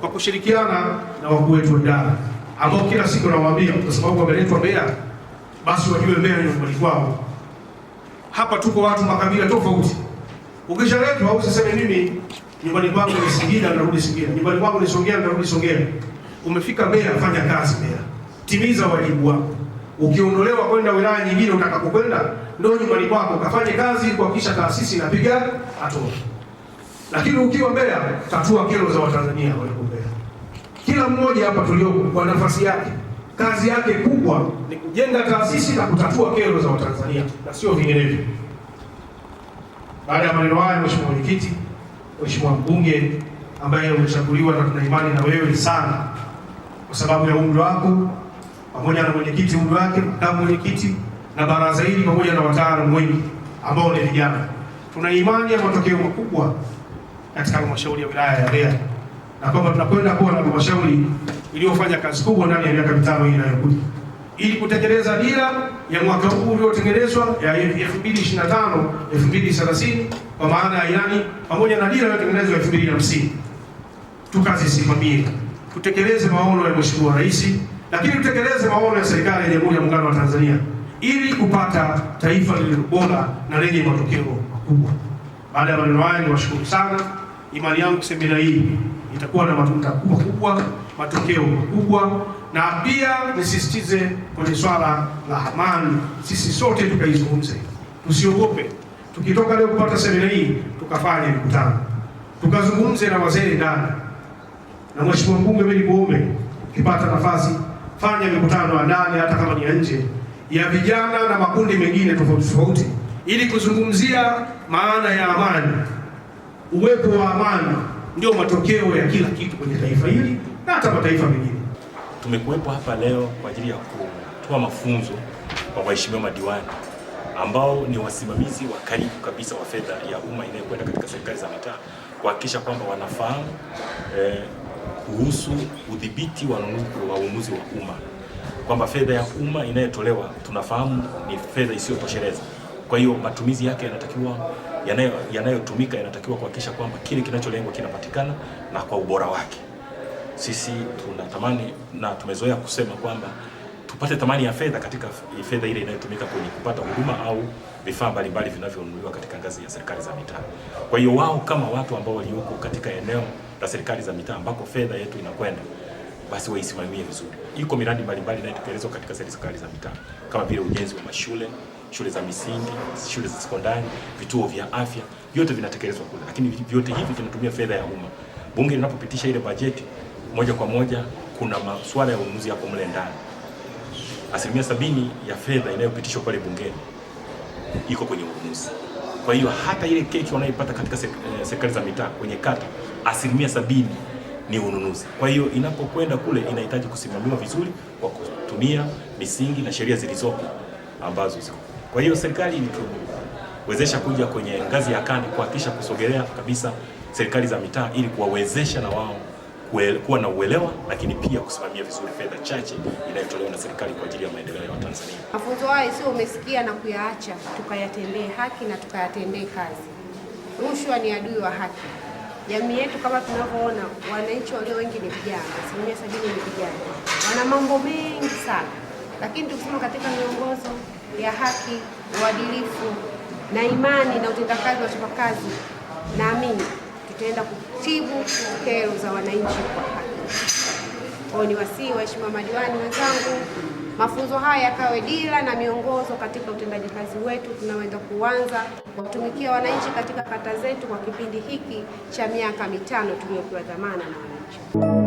kwa kushirikiana na wakuu wetu ndani ambao kila siku nawaambia, kwa sababu wameletwa Mbeya, basi wajue Mbeya ni nyumbani kwao. Hapa tuko watu makabila tofauti. Ukishaletwa au useme mimi nyumbani kwangu ni Singida narudi Singida, nyumbani kwangu ni Songea narudi Songea. Umefika Mbeya, fanya kazi Mbeya, timiza wajibu wako. Ukiondolewa kwenda wilaya nyingine utakapokwenda, ndio nyumbani kwako, kafanye kazi kuhakikisha taasisi inapiga hatua. Lakini ukiwa Mbeya, tatua kero za Watanzania walipo Mbeya. Kila mmoja hapa tuliopo kwa nafasi yake, kazi yake kubwa ni kujenga taasisi na kutatua kero za Watanzania na sio vinginevyo. Baada ya maneno haya, Mheshimiwa Mwenyekiti, Mheshimiwa Mbunge ambaye umechaguliwa na tuna imani na wewe sana kwa sababu ya umri wako pamoja na mwenyekiti umri wake na mwenyekiti na baraza hili pamoja na wataalamu wengi ambao ni vijana, tuna imani ya matokeo makubwa katika halmashauri ya wilaya ya Mbeya na kwamba tunakwenda kuwa na halmashauri iliyofanya kazi kubwa ndani ya miaka mitano hii inayokuja ili kutekeleza dira ya mwaka huu uliotengenezwa ya 2025 2030 kwa maana ya ilani pamoja na dira iliyotengenezwa ya 2050 tukazisimamie, tutekeleze maono ya Mheshimiwa Rais, lakini tutekeleze maono ya serikali ya Jamhuri ya Muungano wa Tanzania ili kupata taifa lililo bora na lenye matokeo makubwa. Baada ya maneno haya, niwashukuru sana imani yangu semina hii itakuwa na matunda makubwa, matokeo makubwa, na pia nisisitize kwenye swala la amani, sisi sote tukaizungumze, tusiogope. Tukitoka leo kupata semina hii, tukafanye mkutano, tukazungumze na wazee ndani na mheshimiwa mbunge mimi Boume, ukipata nafasi fanya mikutano ya ndani hata kama ni ya nje ya vijana na makundi mengine tofauti tofauti, ili kuzungumzia maana ya amani. Uwepo wa amani ndio matokeo ya kila kitu kwenye taifa hili na hata mataifa mengine. Tumekuwepo hapa leo kwa ajili ya kutoa mafunzo kwa waheshimiwa madiwani ambao ni wasimamizi wa karibu kabisa wa fedha ya umma inayokwenda katika serikali za mitaa kuhakikisha kwamba wanafahamu eh, kuhusu udhibiti wa ununuzi wa umma, kwamba fedha ya umma inayotolewa tunafahamu ni fedha isiyotosheleza. Kwa hiyo matumizi yake yanatakiwa yanayotumika yanayo yanatakiwa kuhakikisha kwamba kile kinacholengwa kinapatikana na kwa ubora wake. Sisi tunatamani na tumezoea kusema kwamba tupate thamani ya fedha katika fedha ile inayotumika kwenye kupata huduma au vifaa mbalimbali vinavyonunuliwa katika ngazi ya serikali za mitaa. Kwa hiyo wao kama watu ambao walioko katika eneo la serikali za mitaa ambako fedha yetu inakwenda, basi waisimamie vizuri. Iko miradi mbalimbali inayotekelezwa katika serikali za mitaa kama vile ujenzi wa mashule shule za misingi, shule za sekondari, vituo vya afya, vyote vinatekelezwa kule, lakini vyote hivi vinatumia fedha ya umma. Bunge linapopitisha ile bajeti, moja kwa moja kuna masuala ya ununuzi yako mle ndani. Asilimia sabini ya fedha inayopitishwa pale bungeni iko kwenye ununuzi. Kwa hiyo hata ile keki wanayoipata katika eh, serikali za mitaa kwenye kata, asilimia sabini ni ununuzi. Kwa hiyo inapokwenda kule inahitaji kusimamiwa vizuri kwa kutumia misingi na sheria zilizopo ambazo ziko kwa hiyo serikali ilituwezesha kuja kwenye ngazi ya kanda kuhakikisha kusogelea kabisa serikali za mitaa ili kuwawezesha na wao kuwa na uelewa, lakini pia kusimamia vizuri fedha chache inayotolewa na serikali kwa ajili ya maendeleo ya Watanzania. Mafunzo haya sio umesikia na kuyaacha, tukayatendee haki na tukayatendee kazi. Rushwa ni adui wa haki. Jamii yetu kama tunavyoona, wananchi walio wengi ni vijana, asilimia sabini ni vijana, wana mambo mengi sana, lakini tukisema katika miongozo ya haki, uadilifu na imani na utendakazi wa kazi, naamini tutaenda kutibu kero za wananchi kwa haki. Kwao ni wasii waheshimiwa madiwani wenzangu, mafunzo haya yakawe dira na miongozo katika utendaji kazi wetu tunaweza kuanza kuwatumikia wananchi katika kata zetu kwa kipindi hiki cha miaka mitano tuliyopewa dhamana na wananchi.